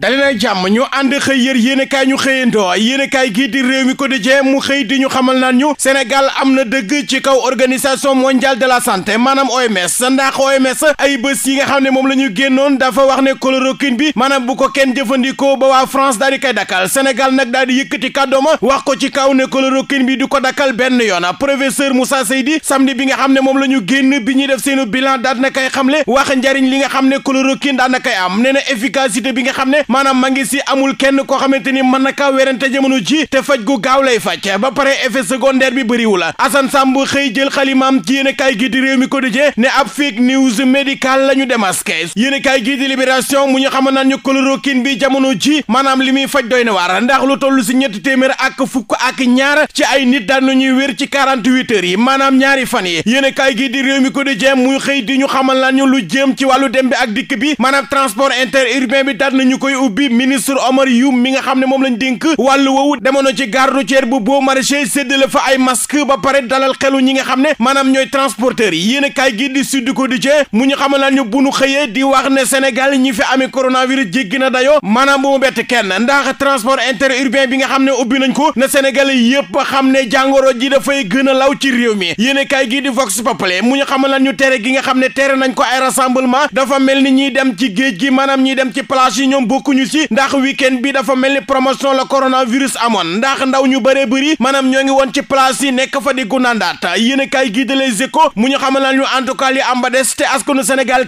dali na jàmm ñu ànd xëy yër yéenekaay ñu xëyandoo yéenekaay gii di réew mi quotidien mu xëy di ñu xamal naan ñu Sénégal am na dëgg ci kaw organisation mondiale de la santé maanaam OMS ndax OMS ay bés yi nga xam ne moom la ñu génnoon dafa wax ne chloroquine bi maanaam bu ko kenn jëfandikoo ba waa France daal di koy dakkal Sénégal nag daal di yëkkati kàddoom wax ko ci kaw ne chloroquine bi du ko dakkal benn yoon professeur Moussa Seydi samedi bi nga xam ne moom la ñu génn bi ñuy def seenu bilan daal na koy xamle wax njariñ li nga xam ne chloroquine daan na koy am nee na efficacité bi nga xam ne maanaam ma ngi si amul kenn koo xamante ni mën na kaa werante jamono ji te faj gu gaaw lay faj ba pare effet secondaire bi bëriwula la Assane Samb xëy jël xalimaam ci yéen a kaay di réew mi quotidien ne ab fake news médical la ñu démasqué yéen a kaay gii di libération mu ñu xama naan ñu chloroquine bi jamono ji maanaam li muy faj doy na waar ndax lu toll si ñetti téeméer ak fukk ak ñaar ci ay nit daan nañuy wér ci 48 heures yi maanaam ñaari fan yi yéen a kaay gi di réew mi quotidien muy xëy ñu xamal lan ñu lu jëm ci wàllu dem bi ak dikk bi maanaam transport interurbain bi daan nañu koy koy ubbi ministre Omar Youm mi nga xam ne moom lañ dénk wàllu woowu demoon ci gare routière bu Baux Maraîchers séddale fa ay masque ba pare dalal xelu ñi nga xam ne maanaam ñooy transporteurs yi yéen a kaay gi di Sud Quotidien mu ñu xamal ñu bu nu xëyee di wax ne Sénégal ñi fi amee coronavirus jéggi na dayoo maanaam bu mu bett kenn ndax transport interurbain bi nga xam ne ubbi nañ ko na Sénégal yëpp xam ne jàngoro ji dafay gën a law ci réew mi yéen a kaay gi di Vox Populi mu ñu ñu tere gi nga xam ne tere nañ ko ay rassemblement dafa mel ni ñiy dem ci géej gi dem yi ñoom bokkuñu ci ndax week-end bi dafa mel ni promotion la coronavirus amoon ndax ndaw ñu bëree bëri maanaam ñoo ngi woon ci place yi nekk fa di gunandaat yéen a kaay gii de Les Échos mu ñu xamal en tout cas li am ba des te askanu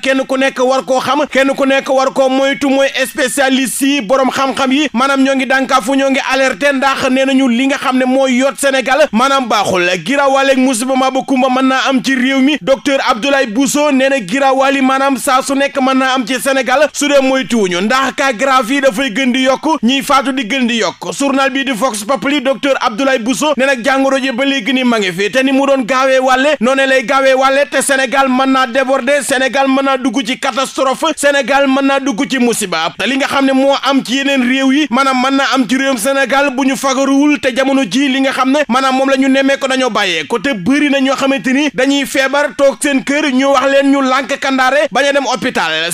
kenn ku nekk war koo xam kenn ku nekk war koo moytu mooy spécialiste yi borom xam-xam yi maanaam ñoo ngi dànkaafu ñoo ngi alerté ndax nee nañu li nga xam ne mooy yoot Sénégal maanaam baaxul giraawaleeg musiba ma ba kumba mën naa am ci réew mi docteur Abdoulaye Bousso nee na giraawaali maanaam saa su nekk mën naa am ci Sénégal su dee moytuwuñu ndax grave yi dafay gën di yokk ñiy faatu di gën di yokk journal bii di Vox Populi docteur Abdoulaye Bousso ne nag jàngoro ji ba léegi ni ma ngi fi te ni mu doon gaawee wàlle noone lay gaawee wàlle te Sénégal mën naa déborder Sénégal mën naa dugg ci catastrophe Sénégal mën naa dugg ci musiba te li nga xam ne moo am ci yeneen réew yi maanaam mën naa am ci réewum Sénégal bu ñu fagaruwul te jamono jii li nga xam ne maanaam moom la ñu nemmee ko dañoo bàyyee ko te bëri na ñoo xamante ni dañuy feebar toog seen kër ñu wax leen ñu lànk kandaare bañ a dem hôpital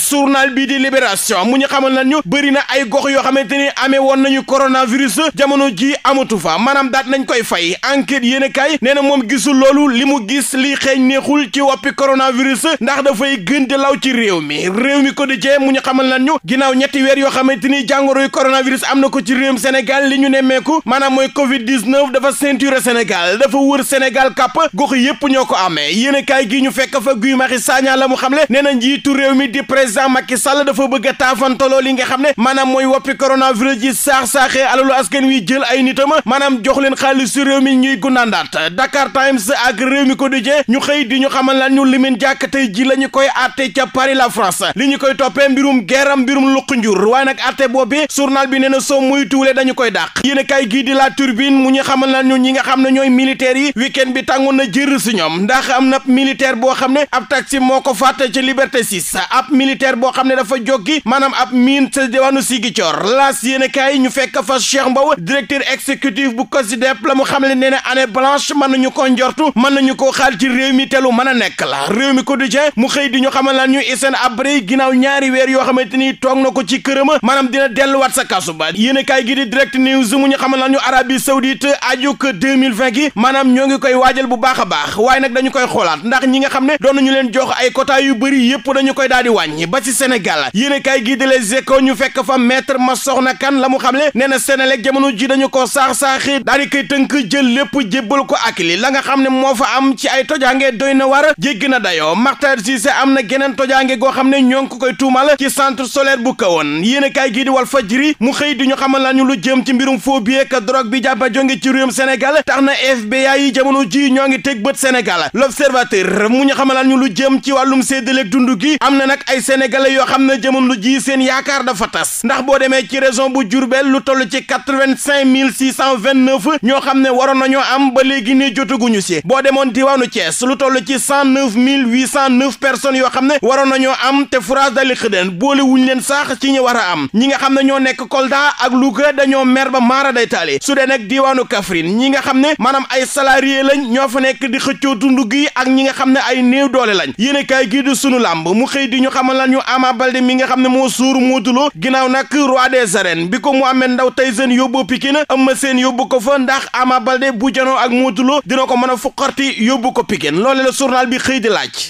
bii di libération mu ñu xamal nañu bëri na ay gox yoo xamante ni amee woon nañu coronavirus jamono ji amatu fa maanaam daat nañ koy fay enquête yéen a kaay nee na moom gisu loolu li mu gis li xeeñ neexul ci woppi coronavirus ndax dafay gën di law ci réew mi réew mi ko di jee mu ñu xamal lan ñu ginnaaw ñetti weer yoo xamante ni jàngoroy coronavirus am na ko ci réewum Sénégal li ñu nemmeeku maanaam mooy Covid 19 dafa ceinture Sénégal dafa wër Sénégal kàpp gox yëpp ñoo ko amee yéen a kaay gi ñu fekk fa Guy Marius Sagna la mu nee na njiitu réew mi di président Macky Sall dafa bëgg a taafantaloo li nga xam ne maanaam mooy woppi coronavirus ji saax-saaxee alalu askan wi jël ay nitam maanaam jox leen xaalis su réew mi ñuy gundaandaat Dakar Times ak réew mi ko quotidien ñu xëy di ñu xamal lan ñu limin jàkk tey ji la ñu koy àtte ca Paris la France li ñu koy toppee mbirum geram mbirum luq njur waa nag àtte boobu journal bi nee na soo muy tuulee dañu koy dàq yéen a kaay gii di la turbine mu ñu xamal lan ñu ñi nga xam ne ñooy militaires yi week-end bi tàngoon na jër si ñoom ndax am na militaire boo xam ne ab taxi moo ko fàtte ci liberté 6 ab militaire boo xam ne dafa joggi maanaam ab mine diwaanu Ziguinchor laas yéen a kaay ñu fekk fa Cheikh Mbow directeur exécutif bu COSIDEP la mu xam le nee na année blanche mën nañu ko njortu mën nañu koo xaal ci réew mi te lu nekk la réew mi quotidien mu xëy di ñu xamal lan ñu Hissène Habré ginnaaw ñaari weer yoo xamante ni toog na ko ci këram maanaam dina delluwaat sa kasu ba yéen a kaay gi di direct news mu ñu xamal lan ñu Arabie Saoudite ajuk 2020 gi maanaam ñoo ngi koy waajal bu baax a baax waaye nag dañu koy xoolaat ndax ñi nga xam ne doon nañu leen jox ay quota yu bëri yëpp dañu koy daal di wàññi ba ci Sénégal a kaay fekk fa maître ma soxna kan la mu xam le nee na Senelec jamono ji dañu ko saax-saaxi daal di koy tënk jël lépp jébbal ko ak li la nga xam ne moo fa am ci ay tojaange doy na war jéggi na dayoo Makhtar Cissé am na geneen tojaange goo xam ne ñoo ngi ko koy tuumal ci centre solaire bu kawoon yéen a kaay gii di wal fajiri mu xëy di ñu xamal la ñu lu jëm ci mbirum faux billets ak drogue bi jàppa jonge ci réewum Sénégal tax na FBI yi jamono ji ñoo ngi teg bët Sénégal l'observateur mu ñu xamal la ñu lu jëm ci wàllum séddaleeg dund gi am na nag ay sénégalais yoo xam ne jamono ji tas ndax boo demee ci région bu Diourbel lu toll ci quatre-vingt-cinq mille six cent vingt-neuf ñoo xam ne waroon nañoo am ba léegi ne jotaguñu si boo demoon diwaanu Thiès lu toll ci cent neuf mille huit cent neuf personnes yoo xam ne waroon nañoo am te France dali xëdeen boole wuñ leen sax ci ñi war a am ñi nga xam ne ñoo nekk Kolda ak Louga dañoo mer ba maara day taali su dee nag diwaanu Kaffrine ñi nga xam ne maanaam ay salarié lañ ñoo fa nekk di xëccoo dund gi ak ñi nga xam ne ay néew doole lañ yéen a kaay gii di sunu làmb mu xëy di ñu xamal lan ñu Ama Baldé mi nga xam ne moo suur mooduloo ginnaaw nag roi des arènes bi ko mu Mohamed Ndaw Tyson yóbbu Pikine Eumeu Sène yóbbu ko fa ndax Ama Baldé bu janoo ak Modou Lô ko mën a fuqarti yóbbu ko Pikine loole la journal bi xëy di laaj